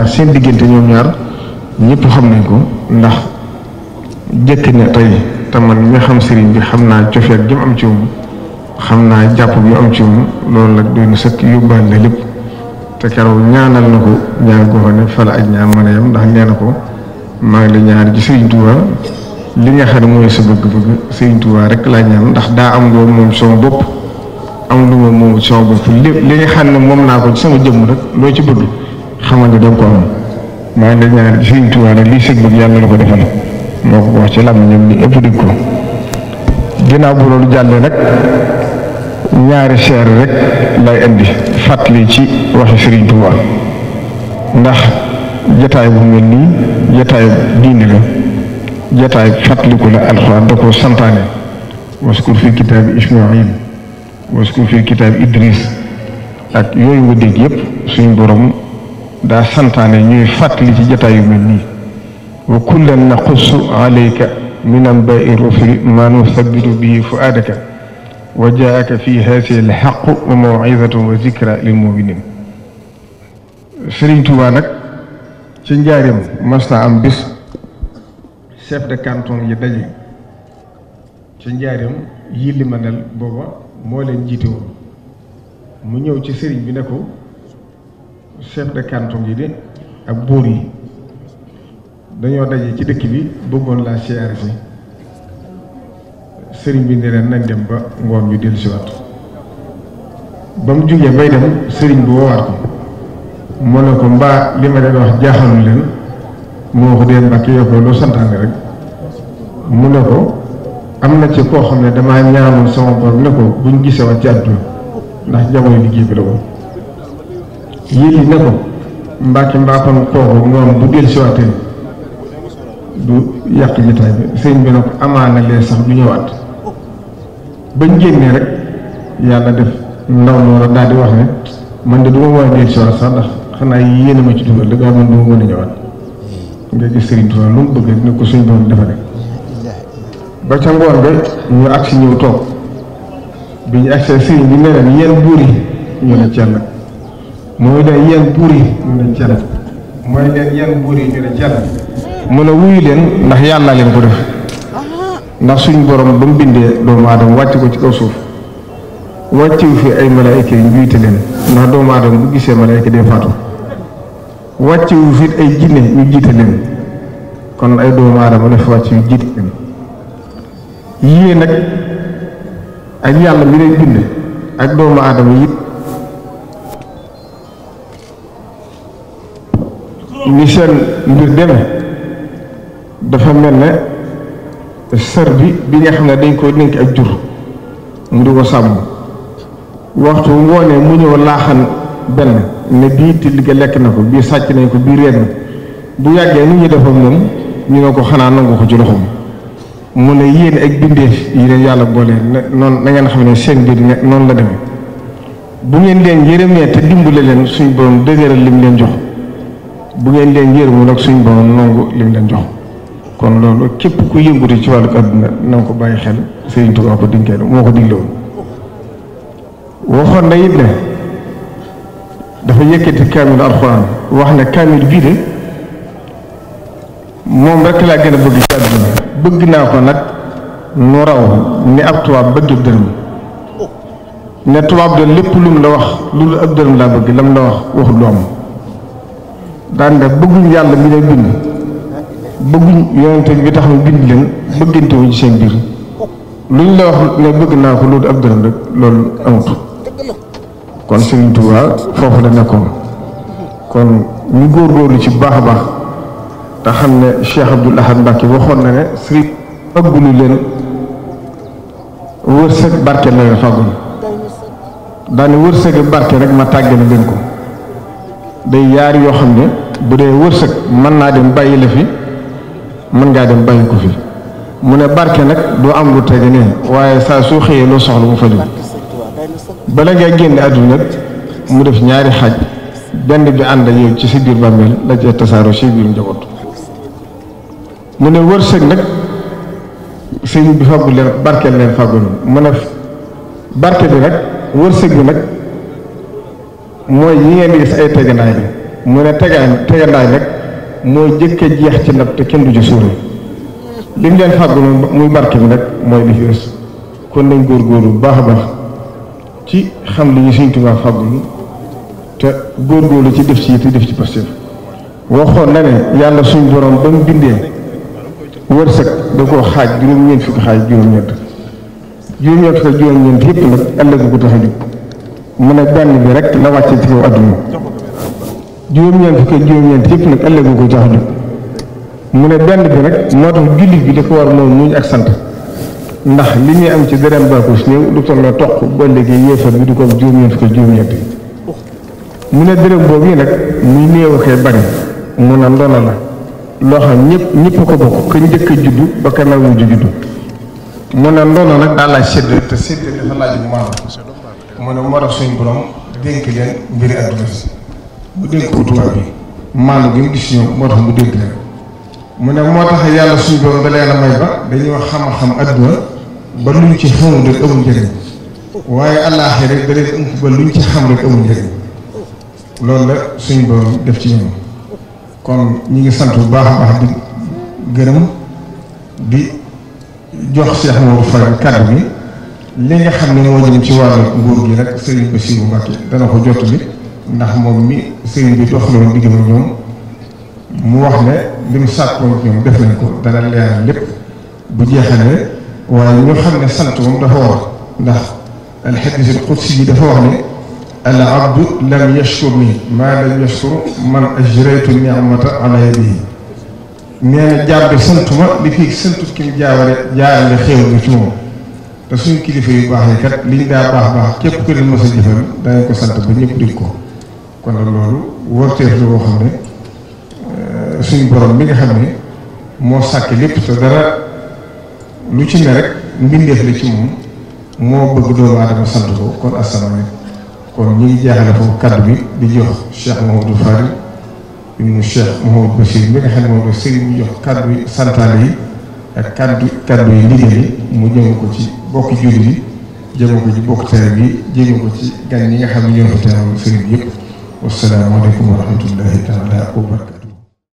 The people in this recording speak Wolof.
ndax seen diggante ñoom ñaar ñëpp xam nañ ko ndax jëkk na tey te man mi xam sëriñ bi xam naa cofeet jëm am ci moom xam naa jàpp bi am ci moom loolu nag doon sëkk yóbbaale na lépp te keroog ñaanal na ko ñaan goo xam ne fala ak ñaan mën ndax nee na ko maa ngi la ñaan ci sëriñ Touba li nga xam ne mooy sa bëgg rek laa ñaan ndax daa am loo moom sama bopp am lu moom naa ko ci sama jëmm rek loo ci bëgg xamal ne da nga ko am maa ngi leen di Sëriñ Tuubaa ne lii sëñ bi yàlla la ko defal moo ko ci lam ñoom ëpp dig ko ginnaaw bu loolu jàllee nag ñaari seer rek lay indi fàttali ci waxi Sëriñ Tuubaa ndax jataay bu mel nii jataay diini la jataay fàttaliku la alxuraan da ko santaane waskur fi kitaabi Ismaayil waskur fi kitaabi Idris ak yooyu nga dégg yëpp suñu borom daa santaane ñuy fàttali ci jataayu mel nii wa kullan naqussu alayka min anbaai rusuli ma nusabitu bihi fuaadaka wa jaaka fi haasihi alxaqu wa mawizatun wa zikra lil muminin Sëriñ Tuubaa ci njaarim mas am bis chef de canton yi daje ci njaarim yi limanel booba moo leen jiite mu ñëw ci sëriñ bi ne chef de canton yi de ak buur yi dañoo daje ci dëkk bi bëggoon laa siyaare si sëriñ bi ne leen nañ dem ba ngoon ñu dellu siwaat ba mu jógee bay dem sëriñ bi woowaat ko mu ne ko mbaa li ma leen wax jaaxalu leen moo ko dee mbàkk yokkoo loo santaane rek mu ne ko am na ci koo xam ne damaa ñaanoon sama bor ne ko buñ gisee waat ci àdduna ndax jamono liggéey bi la yëli ne ko mbàkki mbaakoon kooku moom bu del siwaatee du yàq jotaay bi sëñ bi ne ko amaana lee sax du ñëwaat bañ génnee rek yàlla def ndaw loola daal di wax ne man de du ma war a del siwaat sax ndax ci dugal da ngaa mën du ma mën a ñëwaat nga gis sëriñ Tuubaa lu mu bëgg ne ko suñ doon defare ba ca ngoon ga ñu agsi ñëw toog bi ñu agsee sëriñ bi ne leen yéen buur yi ñu ne mooy leen yéen buur yi ñu ne jël mooy leen yéen buur ñu ne jël mu ne wuyu leen ndax yàlla leen ko def ah. ndax suñ borom ba mu bindee doomu aadama wàcc ko ci kaw suuf wàcciwu fi ay malaayka yi jiite leen ndax doomu aadama bu gisee malaayka dee faatu wàcciwu fi ay jinne ñu jiite leen kon ay doomu aadama la fi wàcc yu jiite leen yii nag ak yàlla mi lay bind ak doomu aadama yi ni seen mbir demee dafa mel ne sër bi bi nga xam ne dañ koy dénk ak jur mu di ko sàmm waxtu woonee mu ñëw laaxan benn ne bii till ga lekk na ko bii sàcc nañ ko bii réer bu yàggee nu ñu defam moom ñu ne ko xanaa nangu ko ci loxoom mu ne yéen ak bindeef yi leen yàlla boole noonu na ngeen xam ne seen biir ne noonu la demee bu ngeen leen yërëmee te dimbale leen suñ borom dëgëral lim leen jox bu ngeen leen mu nag suñ borom nangu lim leen jox kon loolu képp ku yëngutu ci wàllu àdduna na nga ko bàyyi xel Sëriñ Tuubaa ko dinkee moo ko digle woon waxoon na it ne de moom rek laa gën a bëgg ci àdduna bëgg naa ko nag nu raw ni ab tubaab bëgg dërëm ne tubaab de lépp lu mu la wax lu ab dërëm laa bëgg lam la wax waxul lu am daan nga bëgguñ yàlla bi leen bind bëgguñ yonente bi tax ñu bind leen bëggante wuñ ci seen biir luñ la wax ne bëgg naa ko loolu ab gërëm rek loolu amut kon Serigne Touba foofu la nekkoon kon ñu góorlu ci baax a baax te xam ne Cheikh Abdoul Ahad Mbacké waxoon na ne Serigne fàggulu leen wërsëg barke la leen fàggul daane wërsëg barke rek ma tàggale leen ko day yaar yoo xam ne bu dee wërsëg mën naa dem bàyyi la fi mën ngaa dem bàyyi ko fi mu ne barke nag doo am lu tege ne waaye saa soo xëyee loo soxla mu faju bala ngay génn àdduna mu def ñaari xaaj benn bi ànd ak yow ci si biir bàmmeel la ci tasaaroo ci biir njaboot mu ne wërsëg nag sëñ bi fàggu leen barke leen fàggu mu ne barke bi rek wërsëg bi nag mooy yi ngeen di gis ay tegandaay bi mu ne tegaay tegandaay nag mooy jëkk jeex ci ndab te kenn du ci suur li mu leen fàggu muy barke bi nag mooy li fi des kon nañ góorgóorlu bu baax ba ci xam li ñu Sëriñ Tuubaa fàggul te góorgóorlu ci def ci te def ci pastéef waxoon na ne yàlla suñ borom ba mu bindee wërsëg da koo xaaj juróom-ñeent fukki xaaj juróom-ñeent juróom-ñeent fukki juróom-ñeent yëpp nag ëllëg ko tax a mu ne benn bi rek la wàcce ci kaw adduna juróom-ñeent fukki yëpp nag ëllëgu ko jox mu ne benn bi rek moo tax jullit bi di ko war moom muñ ak sant ndax li am ci dërëm baaku si lu toll na toq ba léegi yéefar bi du ko juróom-ñeent fukki juróom-ñeent mu ne boobu yi nag muy néew koy bari mu ne ndono nag loo xam ñëpp ñëpp ko bokk ka njëkk a juddu ba ka naw juddu mu ne ndono nag daa laaj sédd te sédd dafa laaj bu maanaam mu ne war a suñ borom dénk leen mbiri àdduna si dénk ko tubaab bi maanaam gi mu gis ñoom moo tax mu dénk leen yàlla suñ may ba dañuy wax xam-xam àdduna ba luñ ci xamul rek amul njëriñ waaye àllaaxi rek da leen ëmp ba luñ ci xam rek amul njëriñ loolu la suñ borom def ci ñoom kon ñu ngi sant bu baax a baax di gërëm di jox Cheikh Maodo Faye kàddu bi li nga xam ne moo jëm ci wàllu nguur gi nag sëriñ Bassirou Mbacké dana ko jot bi ndax moom mi sëriñ bi doxaloon diggam ak ñoom mu wax ne li mu sàkkoon ak ñoom def nañ ko dana leeral lépp bu jeexalee waaye ñu xam ne sant moom dafa war ndax alxadiisul qudsi yi dafa wax ne al abdu lam yashkur nii maa lam yashkur man ajraytu ni'mata ala yadihi nee na jàpp santuma li fii santu ki mu jaawale jaarale xéewal bi ci moom te suñu kilifa yu baax yi kat liñ daa baax baax képp ku leen mos a jëfal danañ ko sant ba ñëpp dégg ko kon loolu wërteef la boo xam ne euh, suñu borom mi nga xam ne moo sàkk lépp te dara lu ci ne rek mbindeef la ci moom moo bëgg doomu aadama sant ko kon asalaamaaleykum kon ñu ngi jaaxle foofu kaddu bi di jox Cheikh Mahamadou Fari ibnu Cheikh Mahamadou Bachir mi nga xam ne moom la sëriñ jox kaddu santaale yi. ak kaddu kaddu yi liggéey mu jëme ko ci bokki jullit yi jëme ko ci bokk tere bi jëme ko ci gan ñi nga xam ne ñoo fa teewal sëriñ bi yëpp wasalaamaaleykum wa rahmatullahi taala